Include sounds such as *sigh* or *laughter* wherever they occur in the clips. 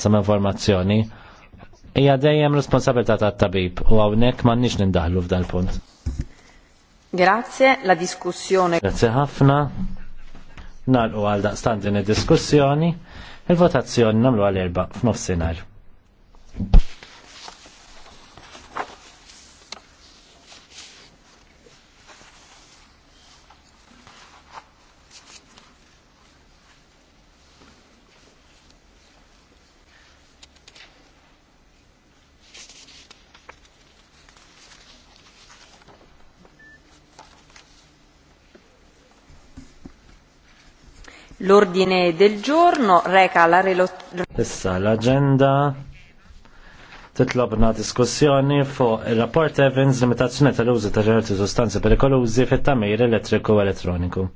taqsam informazzjoni hija dejjem responsabilità tat-tabib u hawnhekk m'għandniex nindaħlu f'dan punt. Grazie, la diskussjoni. Grazie ħafna. Nalqu għal daqstant din id-diskussjoni. Il-votazzjoni nagħmlu għal erba' f'nofsinhar. L'ordine del giorno reca la relazione. Issa l-agenda titlobna diskussjoni fuq il-rapport Evans limitazzjoni tal-użu ta' ċerti sostanzi perikolużi fit-tamir elettriku elettroniku.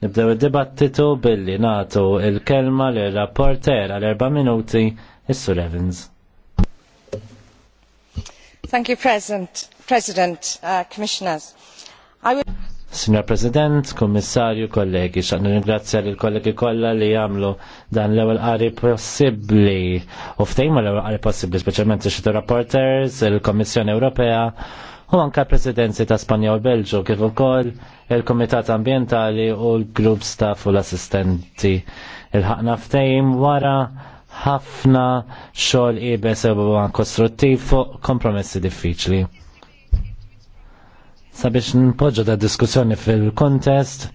Nibdew id-dibattitu billi natu il-kelma l rapporter għal erba' minuti issu Evans. Thank you, President, President uh, Commissioners. I will... Signor President, Kommissarju, kollegi, xaqna ringrazzja li l-kollegi kollha li jagħmlu dan l-ewwel qari possibbli u ftejma l-ewwel qari possibbli, speċjalment ix rapporters, il-Kommissjoni Ewropea u anka l-Presidenzi ta' Spanja u Belġu kif ukoll il-Kumitat Ambientali u l-Grupp Staff u l-Assistenti. Il-ħaqna ftejm wara ħafna xogħol ibes u kostruttiv fuq kompromessi diffiċli sabiex npoġġu da diskussjoni fil-kontest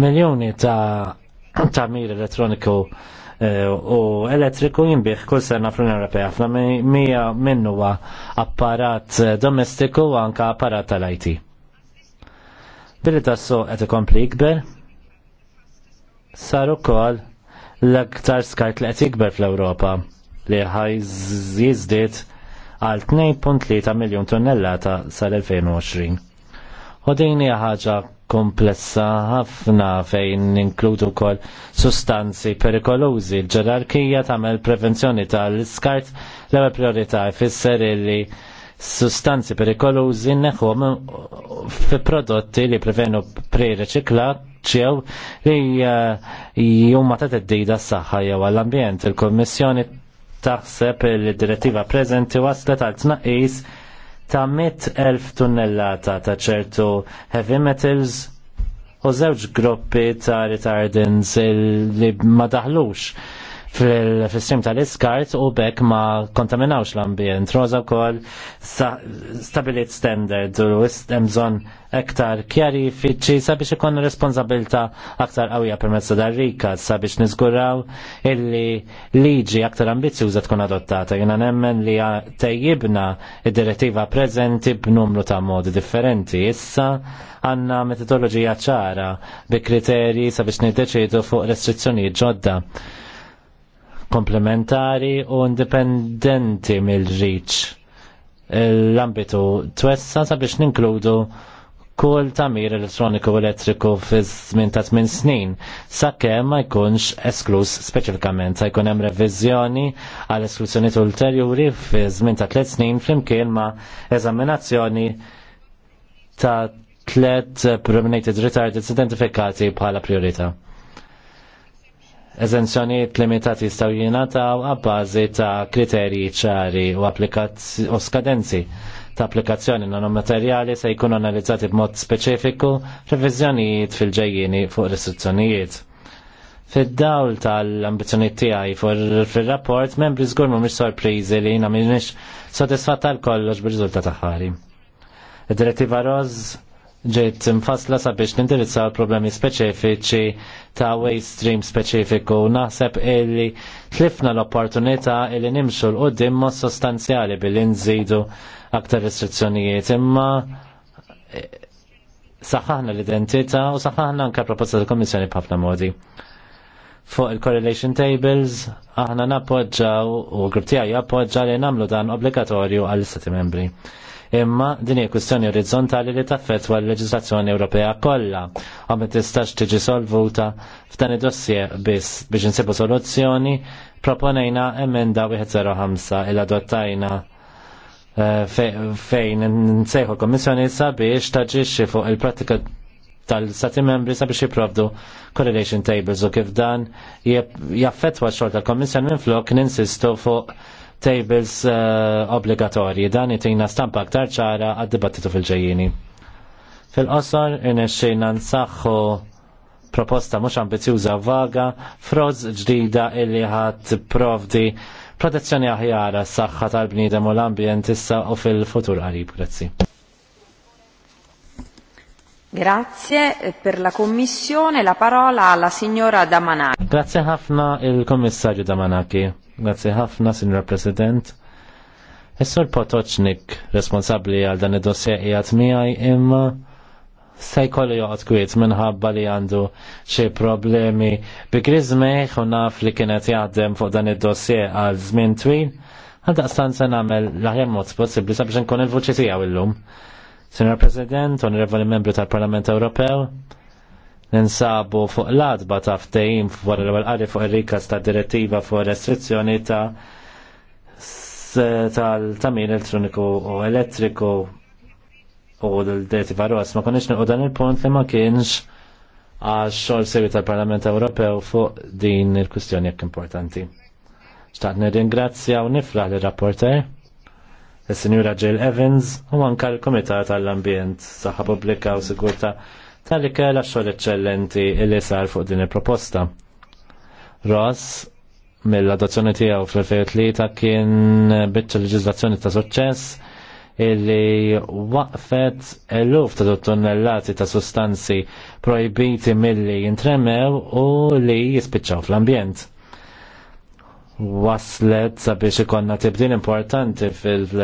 miljoni ta' *clears throat* tamir elettroniku eh, u elettriku jinbih kull sena fl-Unjoni Ewropea fl-mija minnu apparat eh, domestiku u anka apparat tal-IT. Billi tassu qed ikompli ikber, saru ukoll l-aktar skart li qed jikber fl-Ewropa li ħaj jizdit għal 2.3 miljon tonnellata sal-2020 U dini hija ħaġa komplessa ħafna fejn inkludu kol sustanzi perikolużi. L-ġerarkija tagħmel prevenzjoni tal-iskart l-ewwel priorità jfisser li sustanzi perikolużi neħħom fi prodotti li prevenu pre ċew li eh, jumma ta' teddida s-saxħa jew għall-ambjent. Il-Kommissjoni taħseb il-direttiva preżenti waslet għal tnaqis ta' 100.000 tunnellata ta' ċertu heavy metals u żewġ gruppi ta' retardants li ma daħlux fil-stream tal-iskart u bekk ma kontaminawx l-ambjent. Roza kol stabilit standard u bżonn kjari fiċi sabiex ikon responsabilta aktar qawwija permezz dar rika sabiex niżguraw illi liġi aktar ambizjuża tkun adottata. Jiena nemmen li tejjibna id-direttiva preżenti b'numru ta' modi differenti. Issa għandna metodoloġija ċara bi kriterji sabiex niddeċidu fuq restrizzjonijiet ġodda komplementari u indipendenti mill-riċ. L-ambitu twessa sabiex ninkludu kull tamir elettroniku elettriku fiż-żmien ta' 8 snin, sakemm ma jkunx esklus speċifikament, sa jkun hemm reviżjoni għal esklusjonijiet ulterjuri fi żmien ta' 3 snin flimkien ma' eżaminazzjoni ta' tlet prominated retarded identifikati bħala priorità. Eżenzjonijiet limitati jistaw jingħataw għabbażi ta' kriterji ċari u u skadenzi ta' applikazzjoni non materjali se jkunu analizzati b'mod speċifiku reviżjonijiet fil-ġejjini fuq restrizzjonijiet. Fid-dawl tal-ambizjoniet tiegħi fir-rapport membri żgur mhumiex sorpriżi li jiena m'iniex sodisfatt tal kollox bir-riżultat aħħari. Id-direttiva Roz ġejt mfassla sabiex nindirizza l-problemi speċifiċi ta' waste stream speċifiku. Naħseb illi tlifna l-opportunità illi nimxu l-qoddim mod sostanzjali billi nżidu aktar restrizzjonijiet. Imma eh, saħħaħna l-identità u saħħaħna anka proposta tal-Komissjoni b'ħafna modi. Fuq il-correlation tables, aħna nappoġġaw u grupp tiegħi jappoġġa li nagħmlu dan obbligatorju għall-Istati membri imma din hija kwistjoni orizzontali li taffettwa l-leġislazzjoni Ewropea kollha u ma tistax tiġi solvuta f'dan id-dossier biss biex insibu soluzzjoni proponejna emenda 105 il-adottajna eh, fejn nsejħu l-Kommissjoni sabiex taġixxi fuq il-pratika tal-Stati membri sabiex jiprovdu correlation tables u kif dan jaffetwa xogħol tal-Kommissjoni minn flok ninsistu fuq tables eh, obbligatorji. Dan itina stampa aktar ċara għad-dibattitu fil-ġejjini. Fil-qosor, inexxina nsaxħu proposta mhux ambizjuża vaga, froz ġdida illi ħat provdi protezzjoni aħjara s-saħħa tal-bniedem u l-ambjent issa u fil-futur qarib. Grazzi. Grazie per la Commissione, la parola alla signora Damanaki. Grazie ħafna il-Kommissarju Damanaki. Grazzi ħafna, Sinra President. Is-Sur Potoċnik, responsabbli għal dan id-dossier qiegħed miħaj, imma se jkollu joqgħod kwiet minħabba li għandu xi problemi bi meħ u naf li kienet jaħdem fuq dan id-dossier għal żmien twil. għal se nagħmel għamel laħjem mot possibbli sabiex nkun il-vuċi il illum. Sinra President, Onorevoli Membru tal-Parlament Ewropew, ninsabu fuq l-adba ta' ftehim l-għalli fuq il-rikas ta' direttiva fuq restrizzjoni ta' tal-tamin elettroniku u elettriku u l-deti varos ma konniex nilqu dan il-punt li ma kienx għax xogħol sewi tal-Parlament Ewropew fuq din il-kwistjoni jekk importanti. Xtaqt nirringrazzja u nifraħ li rapporter il-Sinjura Jill Evans u anka l-Komitat tal-Ambjent, Saħħa Pubblika u Sigurta' tal-li kella xogħol eċċellenti li sar fuq din il-proposta. Ross mill-adozzjoni tiegħu fl-2003 kien biċċa leġiżlazzjoni ta' suċċess illi waqfet eluf ta' tonnellati ta' sostanzi projbiti milli jintremew u li jispiċċaw fl-ambjent. Waslet sabiex ikonna tibdil importanti fil-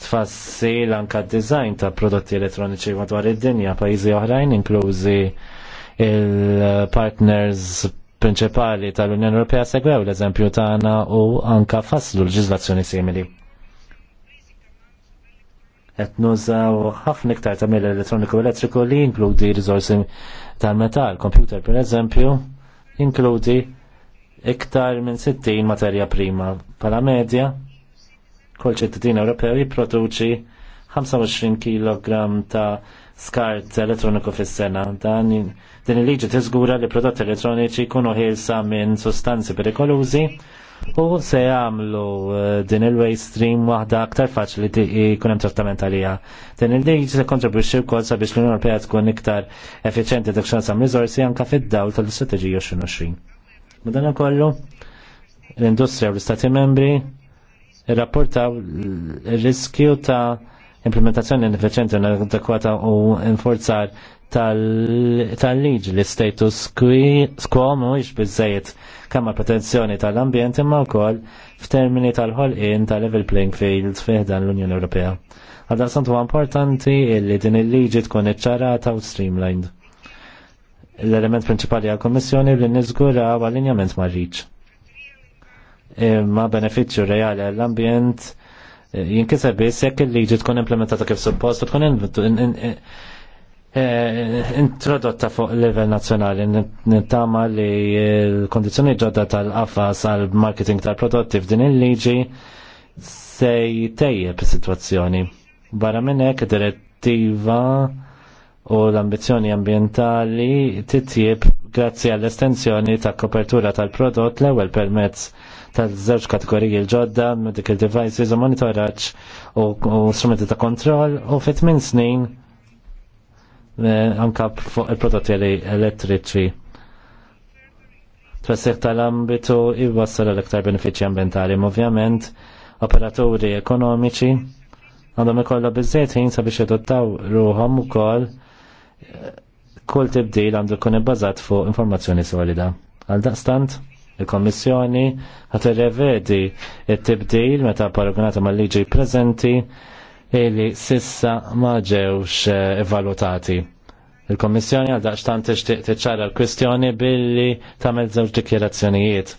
tfassil anka d-design ta' prodotti elettroniċi madwar id-dinja pajjiżi oħrajn inklużi il-partners prinċipali tal-Unjoni Ewropea segwew l-eżempju tagħna u anka faslu l-ġizlazzjoni simili. Qed nużaw ħafna iktar ta' mill elettroniku elettriku li jinkludi rizorsi tal-metal, computer pereżempju, jinkludi iktar minn 60 materja prima. Pala medja, Kull ċittadin Ewropew jipproduċi 25 kg ta' skart elettroniku fis-sena. Dan din il-liġi tiżgura li prodotti elettroniċi jkunu ħilsa minn sustanzi perikolużi u se jagħmlu eh, din il-waste stream waħda aktar faċli jkun hemm trattament għalija. Din il-liġi se kontribwixxi wkoll sabiex l-Unjoni Ewropea tkun iktar effiċjenti dak xansa riżorsi anke fid-dawl tal-istrateġija 2020. Madan kollu, l-industrija u l-Istati membri irrapportaw il-riskju ta' implementazzjoni inefficienti u adekwata u inforzar tal-liġi li status quo mhuwiex biżejjed kamma protezzjoni tal-ambjent imma wkoll f'termini tal-ħolqien tal-level playing field fih dan l-Unjoni Ewropea. Għadda sant huwa importanti li din il-liġi tkun iċċarata u streamlined. L-element prinċipali għal-Kommissjoni li nizgura għal-linjament marriċ ma benefiċċju reali għall-ambjent e, jinkiseb biss jekk il-liġi tkun implementata kif suppost u tkun e, introdotta fuq level nazzjonali nittama li l-kondizjoni ġodda tal-qafas għal marketing tal-prodotti f'din il-liġi se jtejjeb is-sitwazzjoni. Barra minn hekk direttiva u l-ambizjoni ambientali titjib grazzi għall-estensjoni ta' kopertura tal-prodott l-ewwel permezz tal-żewġ kategoriji l-ġodda, medical devices u monitoraċ u strumenti ta' kontrol u fit minn snin eh, anka fuq il-prodotti elettriċi. Trasseħ tal-ambitu jibwassal l-iktar benefiċi ambientali, ovvjament operaturi ekonomiċi għandhom ikollu biżżejjed ħin sabiex jadottaw u ukoll eh, kull tibdil għandu jkun ibbażat fuq informazzjoni solida. Għal daqstant? Il-Kommissjoni ħat revedi il tibdil meta paragonata mal-liġi preżenti li sissa ma ġewx eh, evalutati. Il-Kommissjoni għal daqstan tixtieq tiċċara l-kwistjoni billi tagħmel żewġ dikjerazzjonijiet.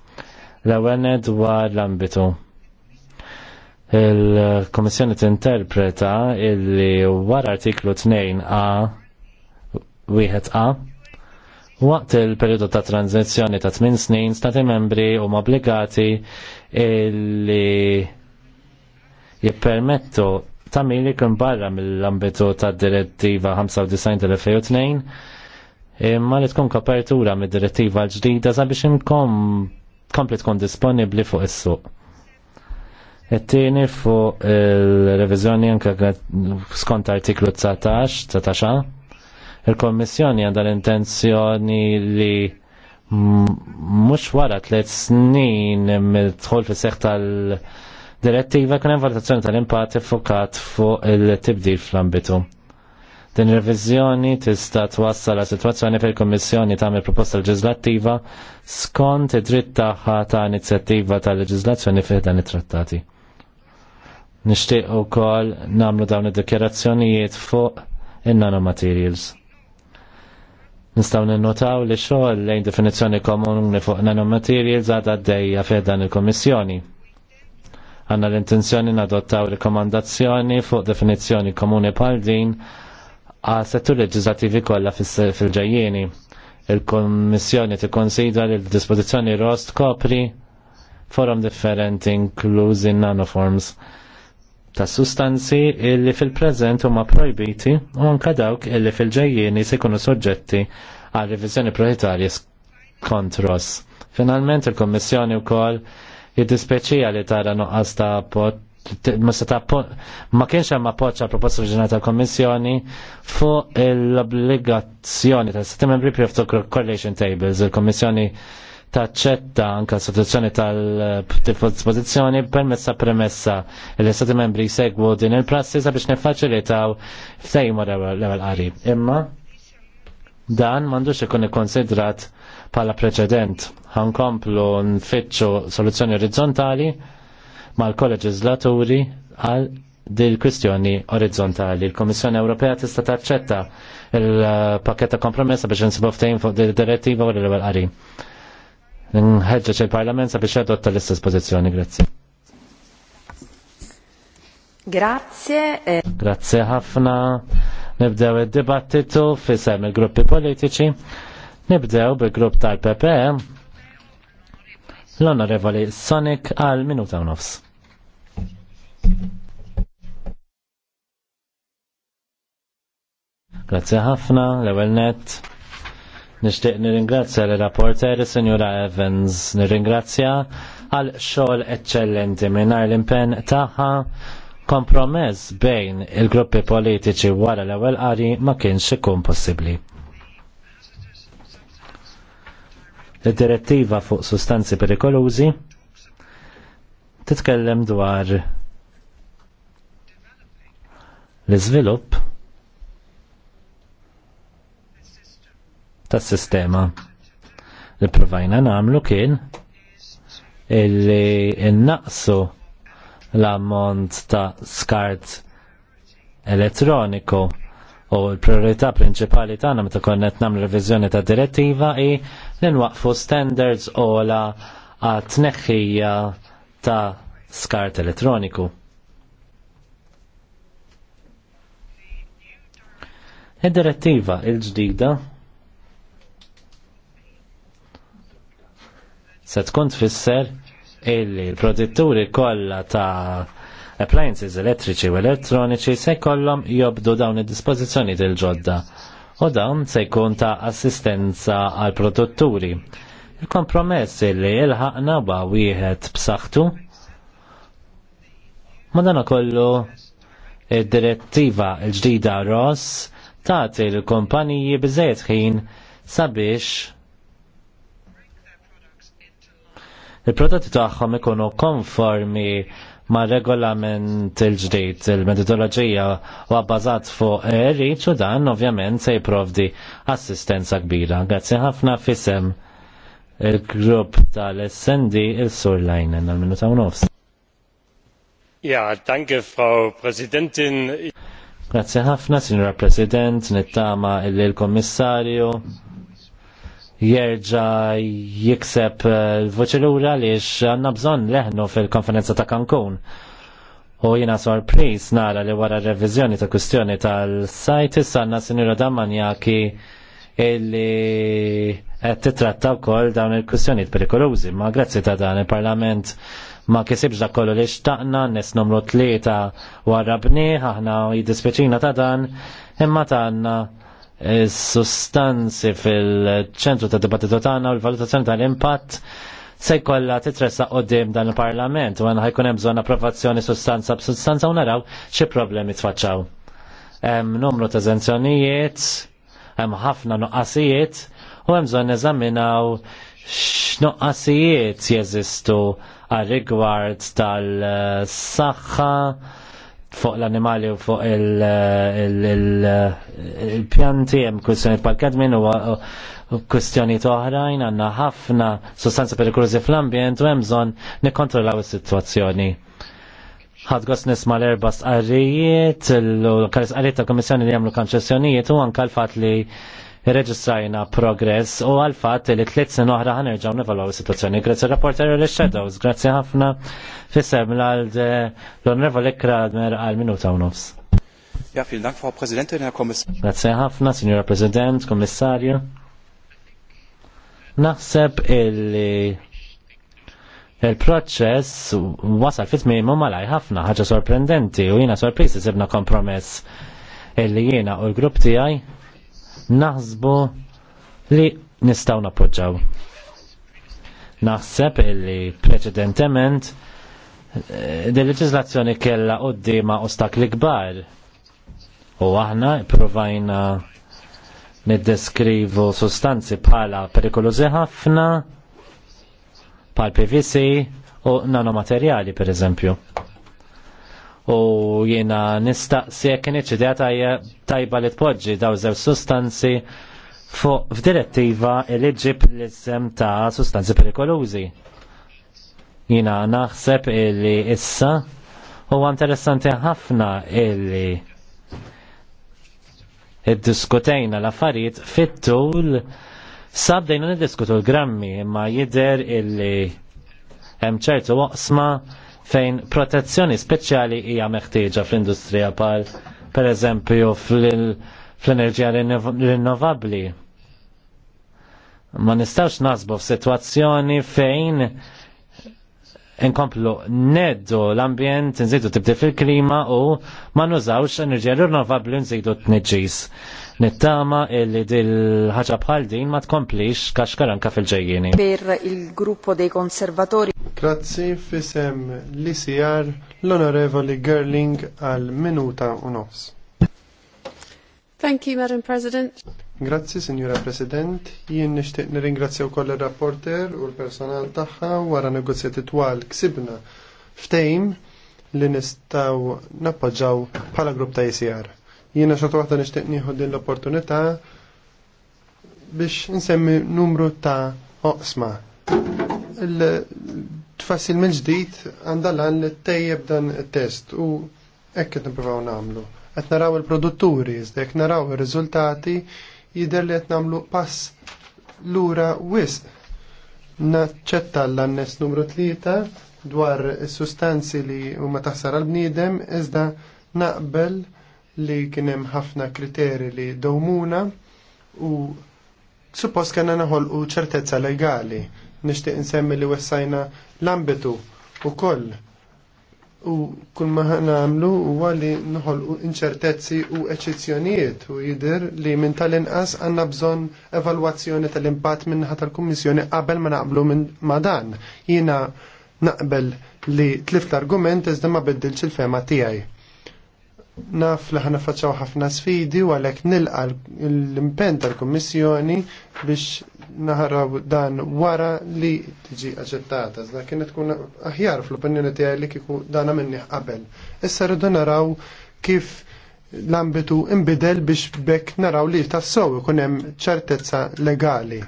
L-ewwel dwar l-ambitu il-Komissjoni tinterpreta illi wara artiklu 2a wieħed a Waqt il-periodu ta' tranzizjoni ta' 8 snin, stati membri huma obbligati li jippermettu mili kun barra mill-ambitu ta' direttiva 95-2002 tal imma li tkun kopertura mid direttiva l-ġdida sabiex inkom komplet tkun disponibli fuq is-suq. Et-tieni fuq il-reviżjoni anke skont artiklu 19, 19 Il-Kommissjoni għandha l-intenzjoni li mhux wara tliet snin mill-dħol fis seħħ tal-direttiva kien hemm valutazzjoni tal-impatt fukat fuq il-tibdil fl-ambitu. Din revizjoni tista' twassal la sitwazzjoni fil-Kummissjoni tagħmel proposta leġislattiva skont id-dritt tagħha ta' inizjattiva ta' leġislazzjoni fih dan it-trattati. Nixtieq ukoll nagħmlu dawn id-dikjerazzjonijiet fuq in-nanomaterials. Nistaw ninnotaw li xogħol lejn definizzjoni komuni fuq nanomaterials għadha għaddejja fejn dan il komissjoni Għanna l-intenzjoni nadottaw rikomandazzjoni fuq definizzjoni komuni bħal din għal settur leġislativi kolla fil ġajjeni il t tikkonsidra li l dispozizjoni rost kopri forum differenti inklużi nanoforms. forms ta' sustanzi illi fil-preżent huma projbiti u anke dawk illi fil-ġejjieni se jkunu soġġetti għal riviżjoni proprjetarja kontros. Finalment il-Kommissjoni wkoll jiddispeċija li tara nuqqas ta' pot ma kienx hemm appoġġ għal proposta oriġinali tal-Kommissjoni fuq l-obbligazzjoni tal Sitti Membri Proof Correlation Tables. Il-Kommissjoni taċċetta anka s-sottuzzjoni tal disposizjoni permessa premessa li istati membri jsegwu din il-prassi sabiex niffaċilitaw ftejmu l-ewwel qari. Imma dan m'għandux ikun ikkonsidrat bħala preċedent. Ħankomplu nfittxu soluzzjoni orizzontali mal zlaturi għal dil kwistjoni orizzontali. Il-Komissjoni Ewropea tista' taċċetta il-pakketta kompromessa biex nsibu ftehim fuq direttiva u l ewel qari nħedġeċ il-Parlament sabiex jadotta l-istess pozizjoni. Grazie. Grazie. Eh. Grazie ħafna. Nibdew id-dibattitu fisem il-gruppi politiċi. Nibdew bil-grupp tal pp e. L-Onorevoli Sonic għal minuta nofs. Grazie ħafna, l-ewel net. Nishtiq nirringrazzja l rapporter Signora Evans, nir-ingrazzja għal xogħol eċċellenti mingħajr l-impenn tagħha kompromess bejn il-gruppi politiċi wara l-ewwel qari ma kienx ikun possibbli. Id-direttiva fuq sustanzi perikolużi titkellem dwar l-iżvilupp tas-sistema. Li provajna namlu kien illi innaqsu l-ammont ta' skart elettroniku u l-priorità prinċipali tagħna meta konnet nagħmlu reviżjoni ta' direttiva hi li nwaqfu standards u għat tneħħija ta' skart elettroniku. Id-direttiva il-ġdida il ġdida se tkun tfisser illi l-produtturi kollha ta' appliances elettriċi u elettroniċi se kollhom jobdu dawn id-dispożizzjoni il-ġodda u dawn se jkun ta' assistenza għal produtturi. Il-kompromess li il-ħaqna ba' wieħed b'saħħtu dan kollu id-direttiva l ġdida Ross tagħti l-kumpaniji biżejjed ħin sabiex il-prodotti tagħhom ikunu konformi ma' regolament il-ġdid il-metodoloġija u għabbażat fuq erriċ u dan ovvjament se jiprovdi assistenza kbira. Grazzi ħafna fisem il-grupp tal-SND il-Sur Lajnen għal-minuta u nofs. Ja, danke, Frau Presidentin. Grazie ħafna, Signora President, nittama il-Kommissarju. il il kommissarju jerġa jikseb eh, voċi l-ura li għanna bżon leħnu fil-konferenza ta' Cancun. U jina sorpris nara li wara revizjoni ta' kustjoni tal-sajt sanna sinjura Damanjaki illi qed titratta wkoll dawn il kustjonijiet perikolużi. Ma grazzi ta' dan il-Parlament ma kisibx da kollu li xtaqna, nes numru tlieta warabni, aħna jiddispeċina ta' dan, imma ta' sustanzi fil-ċentru ta' dibattitu tagħna u l-valutazzjoni tal-impatt se jkollha titressaq qudiem dan il-Parlament u għandna ħajkun hemm bżonn approvazzjoni sustanza b'sustanza u naraw xi problemi tfaċċaw. Hemm numru ta' eżenzjonijiet, hemm ħafna nuqqasijiet u hemm bżonn neżaminaw x'nuqqasijiet jeżistu għal rigward tal-saħħa fuq l-animali u fuq il-pjanti, hemm kustjoni pal-kadmin u kustjoni oħrajn għandna ħafna sostanza perikolużi fl-ambjent u hemm bżonn nikkontrollaw is-sitwazzjoni. għos nisma l-erba sqarrijiet, l-kar ta' komissjoni li jamlu konċessjonijiet u anke l-fatt li reġistrajna progress u għal-fat li tliet sen oħra ħanerġaw nivalwaw is-sitwazzjoni. Grazzi rapporter l shadows grazzi ħafna fissem l onorevole Kradmer għal-minuta u nofs. Ja, fil dank Frau Präsidentin, Herr Kommissar. Grazie ħafna, Signora President, Kommissarju. Naħseb illi il-proċess wasal fit mimu malaj ħafna ħaġa sorprendenti u jina sorpriżi sebna kompromess illi jina u l-grupp tiegħi naħsbu li nistaw napoġġaw. Naħseb li preċedentement eh, din leġislazzjoni kella qoddima ostakli kbar. U aħna provajna niddeskrivu sostanzi bħala perikolużi ħafna, bħal PVC u nanomaterjali per eżempju u jiena nistaqsi jekk kien iċċidja tajba li tpoġġi daw żewġ sustanzi fuq f'direttiva li ġib l-isem ta' sustanzi perikolużi. Jiena naħseb illi issa huwa interessanti ħafna illi id-diskutejna l-affarijiet fit-tul sabdejna niddiskutu l-grammi imma jidher illi hemm ċertu waqsma fejn protezzjoni speċjali hija meħtieġa fl-industrija pal per eżempju fl-enerġija rinnovabbli. Ma nistax nasbu f'sitwazzjoni fejn inkomplu neddu l-ambjent, nżidu tibdi fil-klima u ma nużawx enerġija rinnovabbli nżidu t-nġis. Nittama illi dil-ħagġa bħal din ma tkomplix kaxkaranka fil-ġejjini. Per il-gruppo dei konservatori. Grazzi fisem l-ICR l-onorevoli Gerling għal minuta u nofs. Thank you, Madam President. Grazzi, Signora President. Jien nixtieq nirringrazzja wkoll ir-rapporter u l-personal tagħha wara negozjati twal ksibna ftejm li nistgħu nappoġġaw bħala grupp ta' ICR. Jiena xorta waħda nixtieq nieħu din l-opportunità biex nsemmi numru ta' oqsma. Il-tfassil mill ġdid għandalan li tejjeb dan test u hekk qed nippruvaw nagħmlu. Qed naraw il-produtturi, iżda jekk naraw ir-riżultati jidher li qed nagħmlu pass lura wisq. Naċċetta l-annes numru tlieta dwar is-sustanzi li huma taħsar għal bniedem iżda naqbel li kien hemm ħafna kriteri li dawmuna u suppost kena naħolqu ċertezza legali. Nixtieq insemmi li wessajna l-ambitu u koll. U kull ma nagħmlu huwa li u inċertezzi u eċezzjonijiet u jidher li minn tal-inqas għandna bżonn evalwazzjoni tal-impatt minnaħa tal-Kummissjoni qabel ma naqblu minn ma dan. Jiena naqbel li tlift argument iżda ma biddilx il-fema tiegħi. Naf li ħana faċċaw ħafna sfidi u għalek nilqa l-impen tal-Kommissjoni biex naħraw dan wara li tiġi aċċettata. Zda kienet tkun aħjar fl-opinjoni tiegħi li kieku dana minni qabel. Issa rridu naraw kif l-ambitu imbidel biex bekk naraw li tassow ikun hemm ċertezza legali.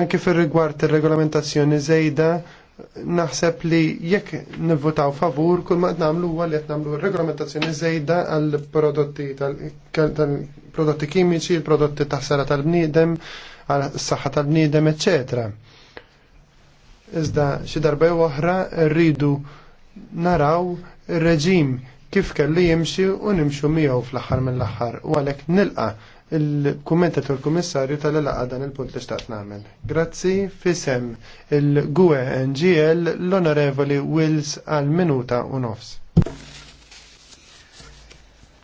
Anke fir rigward ir-regolamentazzjoni żejda naħseb li jekk nivvotaw favur kull ma nagħmlu huwa li qed nagħmlu regolamentazzjoni żejda għal prodotti tal-prodotti kimiċi, l prodotti taħsara tal-bniedem, għal s-saħħa tal-bniedem, eċċetera. Iżda xi darba oħra rridu naraw ir-reġim kif kelli jimxi u nimxu miegħu fl-aħħar mill-aħħar u għalhekk nilqa' il-kummenta tal kummissarju tal-laqa dan il-punt li xtaqt namel. Grazzi fisem il-GUE NGL l-Onorevoli Wills għal minuta u nofs.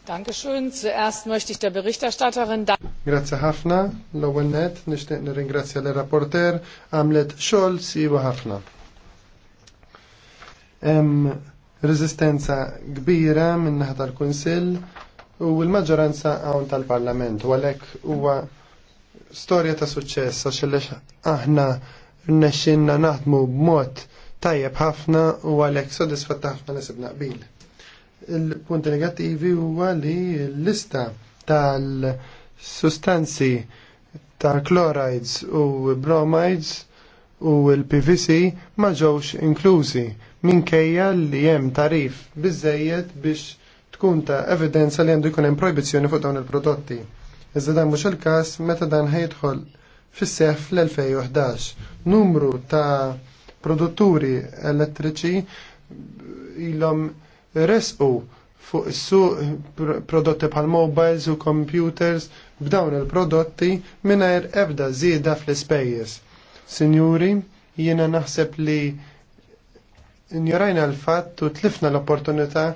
Dankeschön. Zuerst möchte ich der Berichterstatterin danken. Grazie ħafna. L-ewwel net nixtieq nirringrazzja l rapporter għamlet xogħol siwa ħafna. Resistenza reżistenza kbira min naħa tal-Kunsill u l-maġġoranza hawn tal-Parlament u għalhekk huwa storja ta' suċċess għax għaliex aħna rnexxinna naħdmu b'mod tajjeb ħafna u għalhekk sodisfatta ħafna nisibna qbil. Il-punti negattivi huwa li l-lista tal-sustanzi tal-chlorides u bromides u l-PVC ma ġewx inklużi minkejja li hemm tarif biżejjed biex tkun ta' evidenza li għandu jkun hemm projbizzjoni fuq dawn il-prodotti. Iżda dan mhux il-każ meta dan ħejtħol fis-seħ fl-2011. Numru ta' produtturi elettriċi ilhom resqu fuq is-suq prodotti bħal mobiles u computers b'dawn il-prodotti mingħajr ebda żieda fl-ispejjeż. Sinjuri, jiena naħseb li njorajna l-fatt u tlifna l-opportunità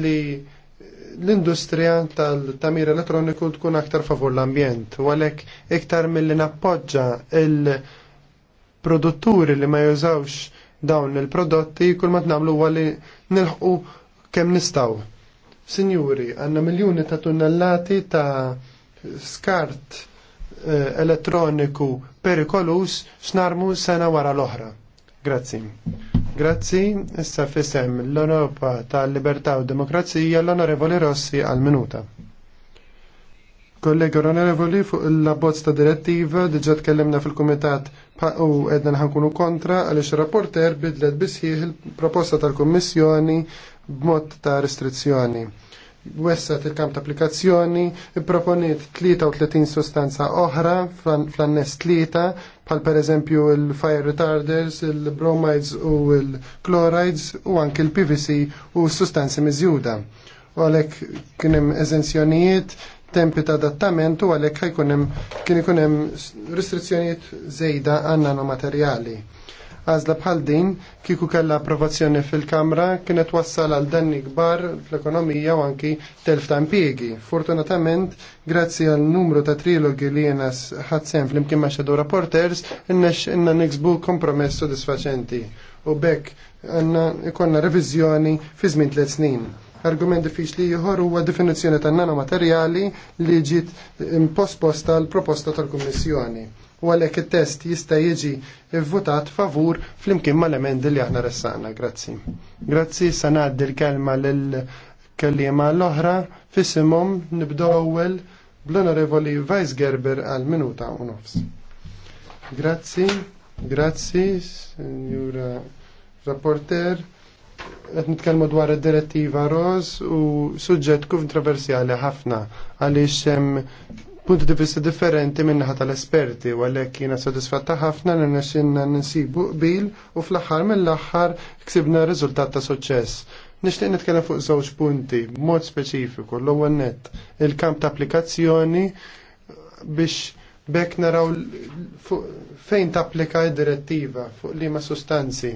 li l-industrija tal-tamir elettroniku tkun aktar favur l-ambjent, u għalhekk iktar milli nappoġġa il-produtturi li ma jużawx dawn il-prodotti kull ma t-namlu li nilħqu kemm nistgħu. Sinjuri, għandna miljuni ta' tunnellati ta' skart eh, elettroniku perikolus x'narmu sena wara l-oħra. Grazzi. Grazzi, issa fissem l-Europa tal-Libertà u Demokrazija l-Onorevoli Rossi għal-Minuta. Kollegi onorevoli fuq il abbozz ta' direttiva diġa tkellimna fil-Kumitat u edna nħankunu kontra għaliex rapporter bidlet bisħieħ il-proposta tal-Kommissjoni b'mod ta' restrizzjoni wessat il-kamp ta' applikazzjoni, proponiet 33 sostanza oħra fl-annes tlieta, bħal per eżempju il-fire retarders, il-bromides u il-chlorides u anke il-PVC u sustanzi miżjuda. U għalek kienem eżenzjonijiet, tempi ta' adattament u għalek kien ikunem restrizzjonijiet zejda għan nanomaterjali. materjali Għazla bħal din kieku kella approvazzjoni fil-Kamra kienet wassal għal danni kbar fl-ekonomija u anki telf ta' impjiegi. Fortunatament, grazzi għal numru ta' trilogi li jena ħadsen fl-imkien ma' Shadow Reporters, inna niksbu kompromess sodisfaċenti u bekk għanna ikonna revizjoni fi żmien tliet snin. Argument diffiċli ieħor huwa definizzjoni tan nanomateriali li ġiet imposposta l-proposta tal-Kummissjoni u għalhekk it-test jista' jiġi votat favur flimkien mal-emendi li aħna ressaqna. Grazzi. Grazzi sa l-kelma lil kelliema l-oħra fissimum nibdo ewwel bl-Onorevoli Vice Gerber għal minuta u nofs. Grazzi, grazzi, signora rapporter qed nitkellmu dwar id-direttiva Ros u suġġett kontroversjali ħafna għaliex hemm punti di vista differenti ħata tal-esperti, u għalhekk jiena sodisfatta ħafna li nixinna nsibu bil u fl-aħħar mill-aħħar ksibna riżultat ta' suċċess. Nixtieq nitkellem fuq żewġ punti b'mod speċifiku l-ewwel nett il-kamp ta' applikazzjoni biex bekk naraw fejn tapplika d-direttiva fuq liema sustanzi.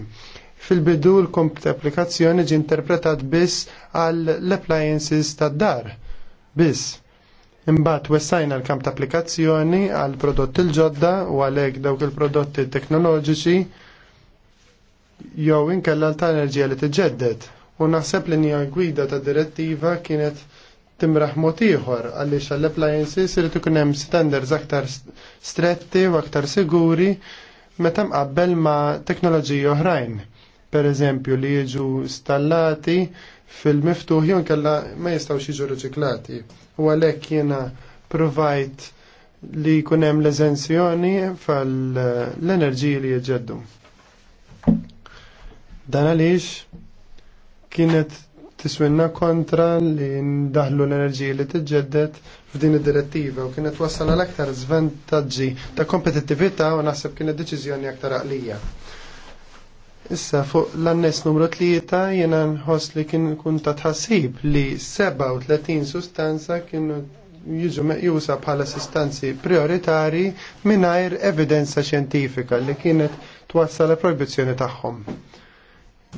Fil-bidu l-komp ta' applikazzjoni ġi interpretat biss għall appliances tad-dar. Biss Imbagħad wessajna l-kamp ta' applikazzjoni għal prodotti l-ġodda u għalhekk dawk il-prodotti teknoloġiċi jew inkella ta' enerġija li tiġġedded. U naħseb li hija gwida ta' direttiva kienet timraħ mod ieħor għaliex għall-appliances irid ikun hemm standards aktar stretti u aktar siguri meta mqabbel ma' teknoloġiji oħrajn. Per eżempju li jiġu stallati fil-miftuħ jew kella ma jistgħux jiġu riċiklati u għalhekk jiena provajt li jkun hemm l-eżenzjoni l enerġiji li jġeddu. Dan għaliex kienet tiswinna kontra li ndaħlu l-enerġija li tiġġedded f'din id-direttiva u kienet wassal l-aktar zvantaġġi ta' kompetittività u naħseb kienet deċiżjoni aktar għalija. Issa fuq l-annes numru 3 jena nħoss li kien kun ta' tħassib li 37 sustanza kienu jużu meqjusa bħala sustanzi prioritari mingħajr evidenza xjentifika li kienet twassal la proibizjoni tagħhom.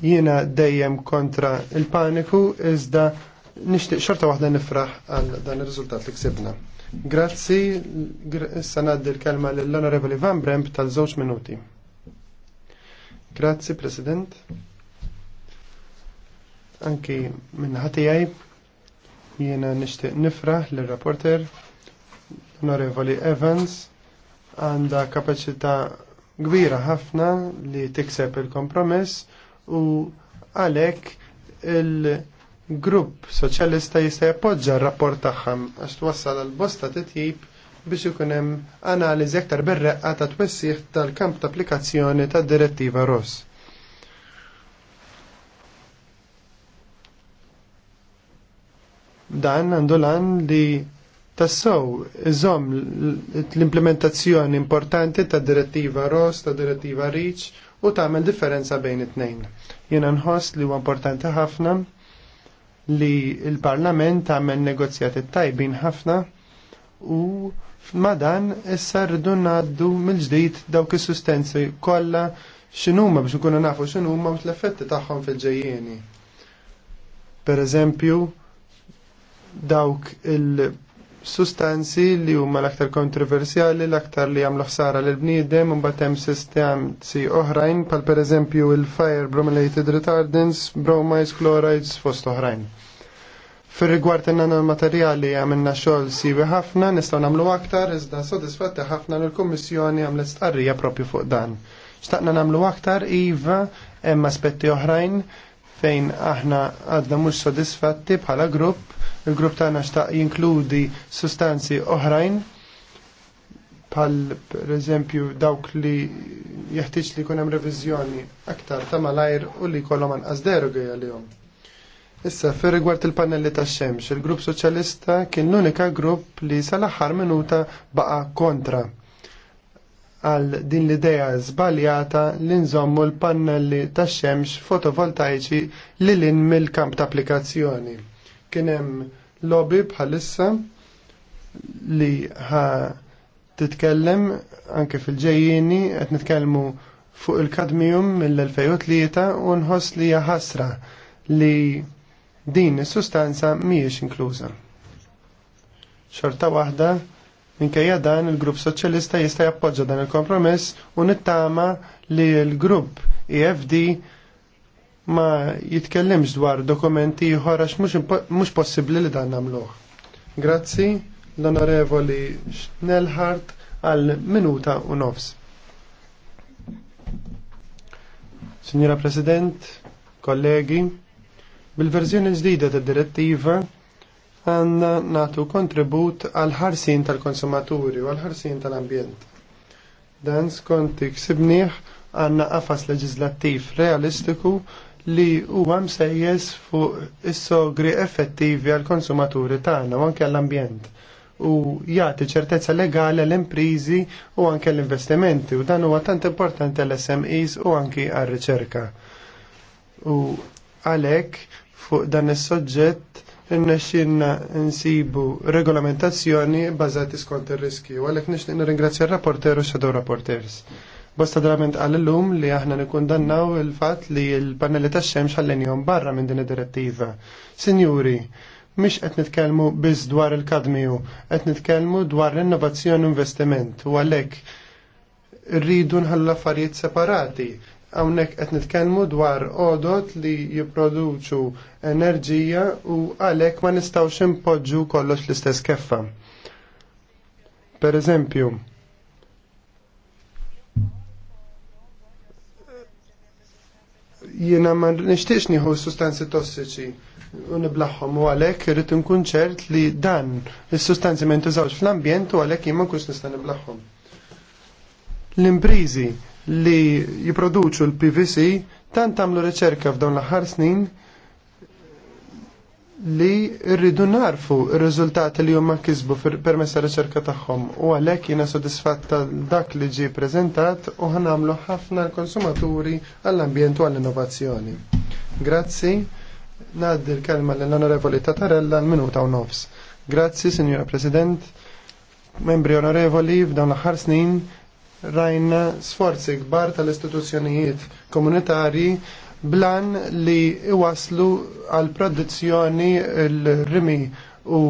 Jiena dejjem kontra il-paniku iżda nixtieq xorta waħda nifraħ għal dan ir-riżultat li ksibna. Grazzi, issa ngħaddi l-kelma lill-Onorevoli Van Bremp tal-żewġ minuti. Grazzi, President. Anki minn ħatijaj jiena nishtiq nifraħ l-rapporter Norevoli Evans għanda kapacita gbira ħafna li tikseb il-kompromess u għalek il-grupp soċjalista jista' jappoġġa r-rapport taħħam għax wassal għal bosta titjib biex ikun hemm analiżi aktar berreqqa ta' twessih tal-kamp ta' applikazzjoni tad-direttiva Ross. Dan għandu lan li tassow iżom l-implementazzjoni importanti tad-direttiva Ross, tad-direttiva Reach u tagħmel differenza bejn it-tnejn. Jiena nħoss li huwa importanti ħafna li l-Parlament għamil negozjati tajbin ħafna u madan issa rridu ngħaddu mill-ġdid dawk is-sustenzi kollha x'inhuma biex nkunu nafu x'inhuma u l-effetti tagħhom fil-ġejjieni. Per eżempju, dawk il-sustanzi li huma l-aktar kontroversjali, l-aktar li jagħmlu ħsara lil bniedem u mbagħad hemm sustanzi oħrajn bħal pereżempju il-fire bromelated retardants, bromides, chlorides fost oħrajn. Fir rigward innan il materjali għamilna xogħol siwi ħafna, nistgħu nagħmlu aktar, iżda sodisfatti ħafna l-Kummissjoni għamlet stqarrija propju fuq dan. Xtaqna nagħmlu aktar iva hemm aspetti oħrajn fejn aħna għadna mhux sodisfatti bħala grupp, il-grupp tagħna xtaq jinkludi sustanzi oħrajn pal per eżempju dawk li jeħtieġ li jkun hemm reviżjoni aktar ta' malajr u li jkollhom anqas deroga għalihom. Issa, fir rigward il-pannelli ta' xemx, il-grupp soċjalista kien l-unika grupp li sal-aħħar minuta baqa kontra għal din l-ideja zbaljata li nżommu l-pannelli ta' xemx fotovoltaiċi li lin mill-kamp ta' applikazzjoni. Kienem lobby bħalissa li ħa titkellem anke fil-ġejjini qed nitkellmu fuq il-kadmium mill-2003 u nħoss li ħasra li din is-sustanza mhijiex inkluża. Xorta waħda minkejja dan il-grupp soċjalista jista' jappoġġa dan il-kompromess u nittama li l-grupp EFD ma jitkellimx dwar dokumenti ieħor għax mhux possibbli li dan nagħmluh. Grazzi l-Onorevoli Schnellhardt għal minuta u nofs. Signora President, kollegi, Bil-verżjoni ġdida tad direttiva għanna natu kontribut għal ħarsin tal-konsumaturi u għal ħarsin tal-ambjent. Dan skont iksibniħ għanna qafas leġislattiv realistiku li huwa sejjes fuq is-sogri effettivi għal konsumaturi tagħna u anke għall-ambjent u jagħti ċertezza legali l-imprizi u anke l-investimenti u dan huwa tant importanti l-SMEs u anke għar-riċerka. U għalhekk fuq dan is-soġġett irnexxinna nsibu regolamentazzjoni bbażati skont ir-riski u għalhekk nixtieq nirringrazzja r-rapporter u shadow rapporters. Bosta drament għal illum li aħna nikundannaw il-fatt li l-pannelli tax-xemx jom barra minn din id-direttiva. Sinjuri, mish qed nitkellmu biss dwar il-kadmiju, qed nitkellmu dwar l-innovazzjoni u investiment u għalhekk rridu nħallu affarijiet separati. Hawnhekk qed nitkellmu dwar odot li jipproduċu enerġija u għalhekk ma nistgħux impoġġu kollox l-istess keffa. Per eżempju, jiena ma nixtiex nieħu sustanzi tossiċi u niblaħħom u għalhekk irid inkun ċert li dan is-sustanzi ma jintużawx fl-ambjent u għalhekk jien ma nkunx nista' niblaħħom. L-imprizi li jiproduċu l-PVC, tant għamlu riċerka f'dawn l-aħħar snin li rridu narfu r-riżultati li huma kisbu permezz riċerka tagħhom u għalhekk jiena sodisfatta dak li ġie preżentat u ħanamlu ħafna l-konsumaturi għall-ambjent u għall-innovazzjoni. Grazzi, naddi l-kelma l-Onorevoli Tatarella l-minuta u nofs. Grazzi, Signora President, membri onorevoli, f'dawn l-aħħar snin rajna sforzi kbar tal-istituzzjonijiet komunitarji blan li iwaslu għal produzzjoni l-rimi u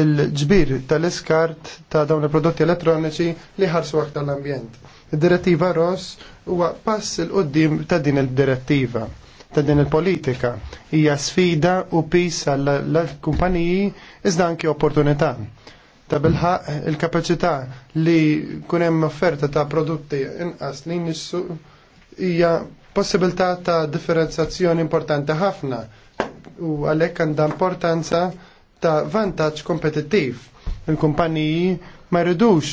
l-ġbir tal-iskart ta' dawn il-prodotti elettroniċi li ħarsu aktar l-ambjent. Id-direttiva Ross huwa pass il-qoddim ta' din il-direttiva ta' din il-politika. Hija sfida u pis għall-kumpaniji iżda anki opportunità ta' bilħa il-kapacità li kunem offerta ta' prodotti inqas li nissu hija possibilità ta' differenzjazzjoni importanti ħafna u għalhekk għandha importanza ta' vantaġġ kompetittiv. Il-kumpaniji ma ridux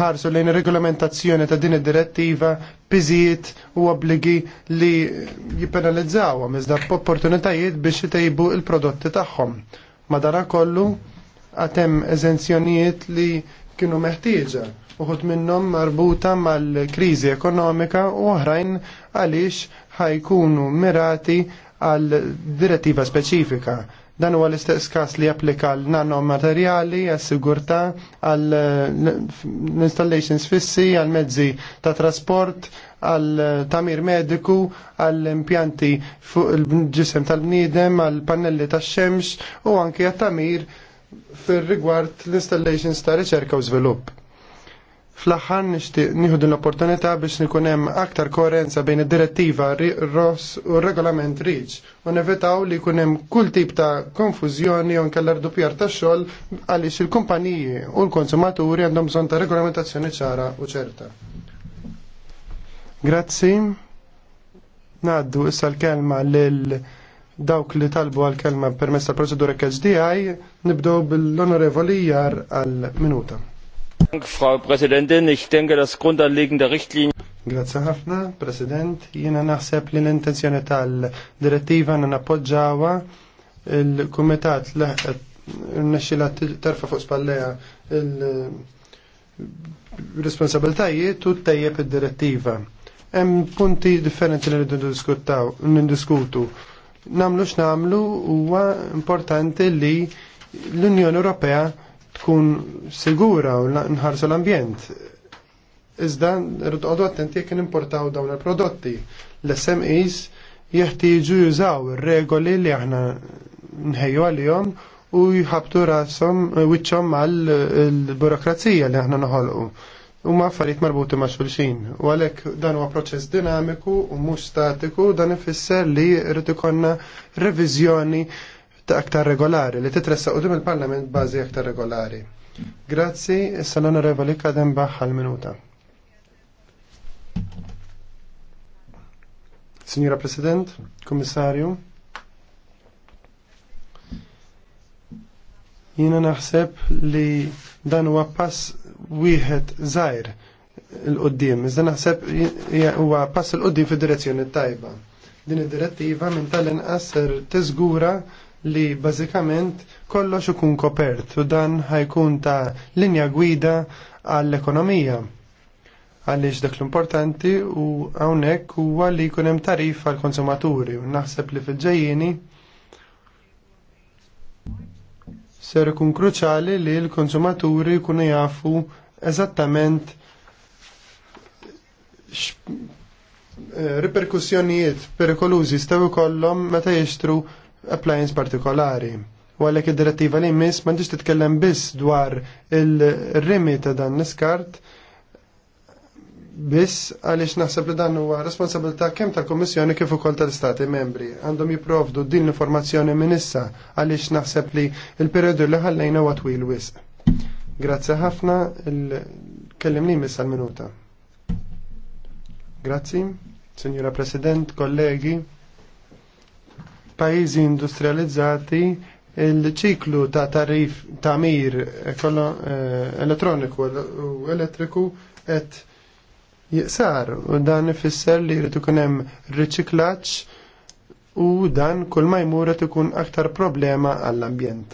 ħarsu lejn regolamentazzjoni ta' din id-direttiva piżijiet u obbligi li jippenalizzawhom iżda opportunitajiet biex jtejbu il-prodotti tagħhom. Madara kollu, għatem eżenzjonijiet li kienu meħtieġa uħut minnom marbuta mal-krizi ekonomika u oħrajn għaliex ħajkunu mirati għal direttiva speċifika. Dan huwa l-istess każ li applika l nano materjali, għas-sigurtà, għal installations fissi, għal mezzi ta' trasport, għal tamir mediku, għal impjanti fuq il-ġisem tal-bniedem, għal pannelli tax-xemx u anke għat-tamir fil-rigward l-installations ta' riċerka u żvilupp. Fl-aħħar nixtieq nieħu l-opportunità biex nikun hemm aktar koerenza bejn id-direttiva r-ross u r-regolament REACH u nevetaw li jkun hemm kull tip ta' konfużjoni u nkella pjar ta' xogħol għaliex il-kumpaniji u l-konsumaturi għandhom bżonn ta' regolamentazzjoni ċara u ċerta. Grazzi. Naddu issa l-kelma lil dawk li talbu għal-kelma permess tal-procedura KSDI, nibdow bil-onorevoli jar għal-minuta. Frau Präsidentin, ich denke, das grundanliegende Richtlinie. Grazie ħafna, President. Jiena naħseb li l-intenzjoni tal-direttiva na nappoġġawa il-Kumitat leħqet n-nexxila terfa fuq spalleja il-responsabiltajiet u tajjeb id-direttiva. Hemm punti differenti li rridu namlu x'namlu huwa importanti li l-Unjoni Ewropea tkun sigura u nħarsu l-ambjent. Iżda rridu attenti jekk importaw dawn il-prodotti. L-SMEs jeħtieġu jużaw ir-regoli li aħna nħejju għalihom u jħabtu rashom wiċċhom mal-burokrazija li aħna noħolqu ma affarijiet marbuti ma' xulxin. U għalhekk dan huwa proċess dinamiku u mhux statiku dan ifisser li rrid ikollna reviżjoni ta' aktar regolari li titressa qudiem il-Parlament bażi aktar regolari. Grazzi, issa l-Onorevoli Kadem għal-minuta. Signora President, Komissarju, jina naħseb li Dan huwa pass wieħed żgħir l qudiem iżda naħseb huwa pass l qudiem fid-direzzjoni tajba. Din id-direttiva minn tal-inqas tiżgura li bażikament kollox ikun kopert u dan ħajkun ta' linja gwida għall-ekonomija għaliex dak l-importanti u hawnhekk huwa li jkun hemm tarif għall-konsumaturi u naħseb li fil-ġejjieni ser ikun kruċali li l-konsumaturi jkunu jafu eżattament eh, riperkussjonijiet perikolużi staw ikollhom meta jixtru appliance partikolari. U għalhekk id-direttiva li jmiss m'għandix titkellem biss dwar il-rimi ta' dan l-iskart, biss għaliex naħseb li dan huwa responsabilità kemm tal-Kummissjoni kif ukoll tal-Istati membri. Għandhom jipprovdu din l-informazzjoni minn issa għaliex naħseb li l-perjodu li ħallejna huwa twil wisq. Grazzi ħafna, kellimni miss għal-minuta. Grazzi, Signora President, kollegi, pajjiżi industrializzati il-ċiklu ta' tarif ta' mir eh, eh, elettroniku u elettriku et jiqsar u dan ifisser li jrid ikun hemm riċiklaġġ u dan kull ma jmur qed ikun aktar problema għall-ambjent.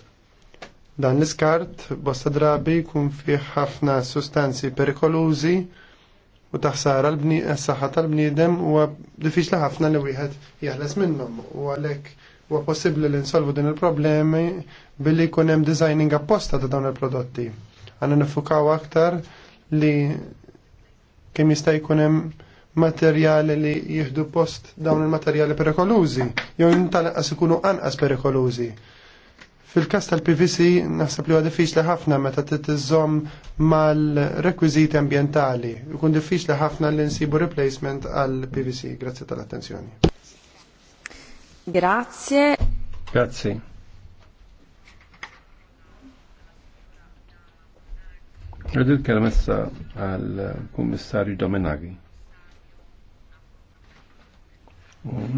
Dan l-iskart bosta drabi jkun fih ħafna sustanzi perikolużi u taħsara s-saħħa tal-bniedem huwa diffiċli ħafna li wieħed jaħles minnhom u għalhekk huwa possibbli li nsolvu din il-problemi billi jkun hemm designing apposta ta' dawn il-prodotti. Għandna nifukaw aktar li kemm jista' jkun hemm materjali li jieħdu post dawn il-materjali perikolużi, jew intalqas ikunu anqas perikolużi. Fil-kas tal-PVC naħseb li huwa diffiċli ħafna meta titiżomm mal-rekwiżiti ambjentali. Ikun diffiċli ħafna li nsibu replacement għal PVC. Grazzi tal-attenzjoni. Grazie. Grazie. Għedil kelmessa għal-Kummissarju Domenagi.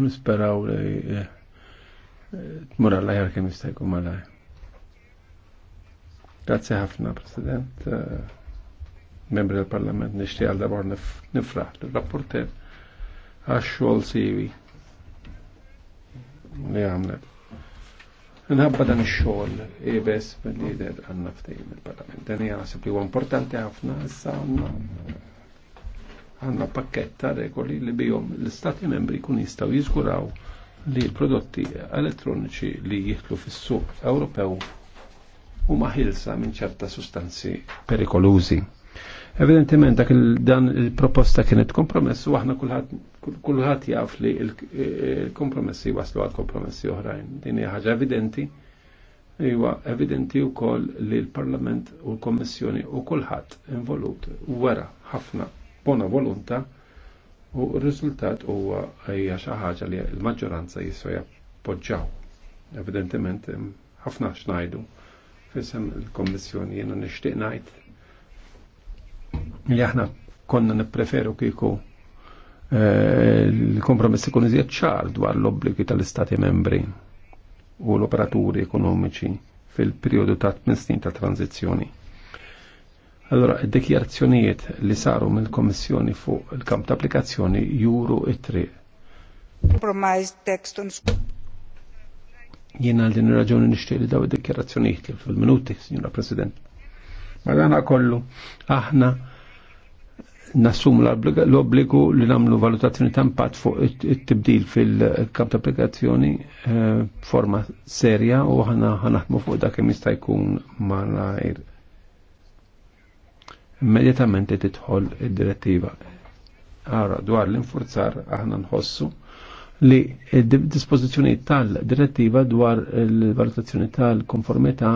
Nisperaw li eh, t-mura l-ajar kem jistajku malaj. Grazie ħafna, President, eh, membri del Parlament, nishti għal dabar nifra, l-rapporter għax xol sivi li għamlet. Nħabba dan ix-xogħol ibes li jidher għanna ftehim il-Parlament. Dan hija naħseb li huwa importanti ħafna issa għandna pakketta regoli li bihom l-Istati membri kun jistgħu jiżguraw li l-prodotti elettroniċi li jieħlu fis-suq Ewropew huma ħilsa minn ċerta sustanzi perikolużi. Evidentement dak dan il-proposta kienet kompromess u aħna kulħadd jaf li l-kompromessi waslu għal kompromessi oħrajn. Din hija ħaġa evidenti. Iwa evidenti wkoll li l-Parlament u l-Kommissjoni u kulħadd involut wara ħafna bona volunta u r-riżultat huwa hija xi ħaġa li l-maġġoranza jiswa jappoġġaw. Evidentement ħafna xnajdu fisem il-Kommissjoni jiena nixtieq ngħid li aħna konna nippreferu kieku eh, l-kompromess ikun iżjed ċar dwar l-obbligi tal-istati membri u l-operaturi ekonomiċi fil-periodu ta' 8 snin ta' tranzizzjoni. Allora, id-dekjarazzjonijiet li saru mill-Kommissjoni fuq il-kamp ta' applikazzjoni juru it tri Compromised text on Jiena għal din raġuni nishtiq li daw id-dekjarazzjonijiet li fil-minuti, Signora President. Ma dana kollu aħna nassum l-obbligu li namlu valutazzjoni ta' impatt fuq it-tibdil fil-kap ta' applikazzjoni eh, forma serja u ħana ħanaħmu fuq dak kemm jista' jkun malajr. Immedjatament tidħol id-direttiva. Ara, dwar l-infurzar aħna nħossu li dispożizzjoni tal-direttiva dwar il-valutazzjoni tal-konformità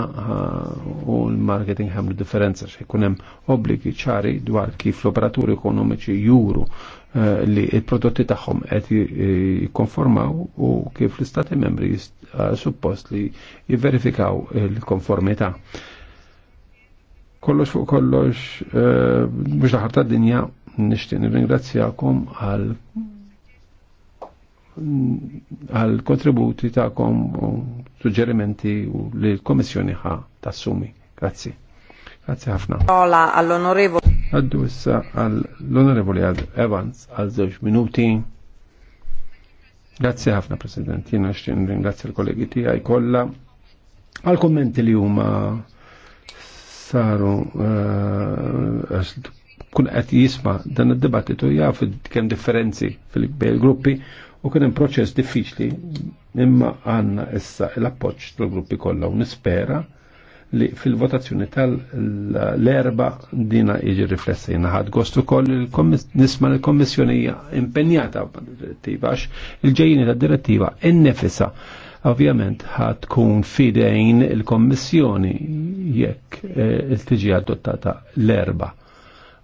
u l-marketing ħamlu differenza xe kunem obbligi ċari dwar kif l-operaturi ekonomiċi juru eh, li il-prodotti tagħhom qed eh, jikkonformaw u kif l-istati membri eh, suppost li jiverifikaw il-konformità. Kollox fuq kollox, biex daħar tad dinja, nixtieq nirringrazzjakom għal għal kontributi ta' kom u suġġerimenti u li l-Komissjoni ħa ta' sumi. Grazie. Grazie ħafna. Ola għall-onorevoli. Għaddu issa għall-onorevoli għad Evans għal zewġ minuti. Grazie ħafna, President. Jena xtin ringrazzi l-kollegi ti għaj kolla għal kommenti li huma saru eh, kun qed jisma' dan id-dibattitu jaf kemm differenzi fil bej gruppi u kien hemm proċess diffiċli imma għandna issa l-appoġġ tal-gruppi kollha u nispera li fil-votazzjoni tal-erba dina iġi riflessi naħad gost ukoll nisma l-Kommissjoni hija impenjata direttiva għax il-ġejjini tad-direttiva innefisa ovvjament ħad tkun fidejn il-Kommissjoni jekk eh, il-tiġi adottata l-erba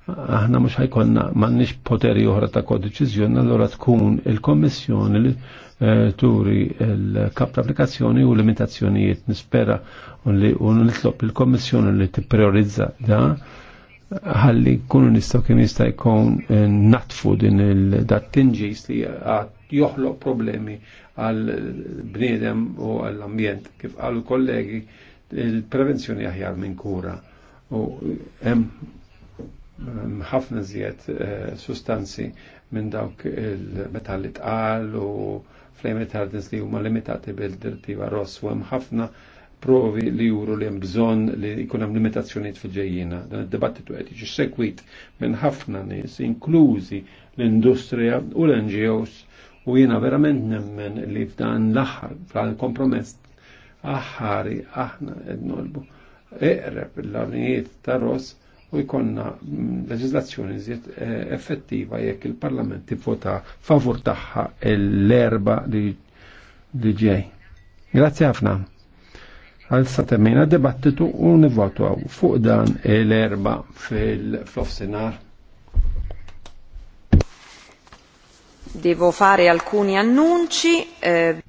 aħna mhux ħajkonna m'għandniex poteri oħra ta' kodeċiżjoni allura tkun il-Kommissjoni li eh, turi l-kap ta' applikazzjoni u limitazzjonijiet nispera u nitlob il-Kommissjoni li t-priorizza da ħalli kunu nistaw kem jista' jkun eh, natfu din il-dat tinġis li joħloq problemi għal bniedem u għall-ambjent. Kif għal kollegi, il-prevenzjoni aħjar minn kura. U eh, Mm, ħafna zjed eh, sustanzi minn dawk il-metalli tqal u flame retardants li huma limitati bil-direttiva Ross u hemm ħafna provi li juru li hemm bżonn li jkun hemm limitazzjonijiet fil-ġejjina. Dan id-dibattitu qed jiġi segwit minn ħafna nies, inklużi l-industrija u l-NGOs u jiena verament nemmen li f'dan l-aħħar, fl-kompromess aħħari aħna qed nolbu. Eqreb l-avnijiet ta' Ross u jkonna leġislazzjoni zjed eh, effettiva jekk il-Parlament tifota favur taħħa l-erba li ġej. Grazzi ħafna. Għalsa temmina debattitu u nivvotu għaw fuq dan l-erba fil flofsenar Devo fare alcuni annunci. Eh...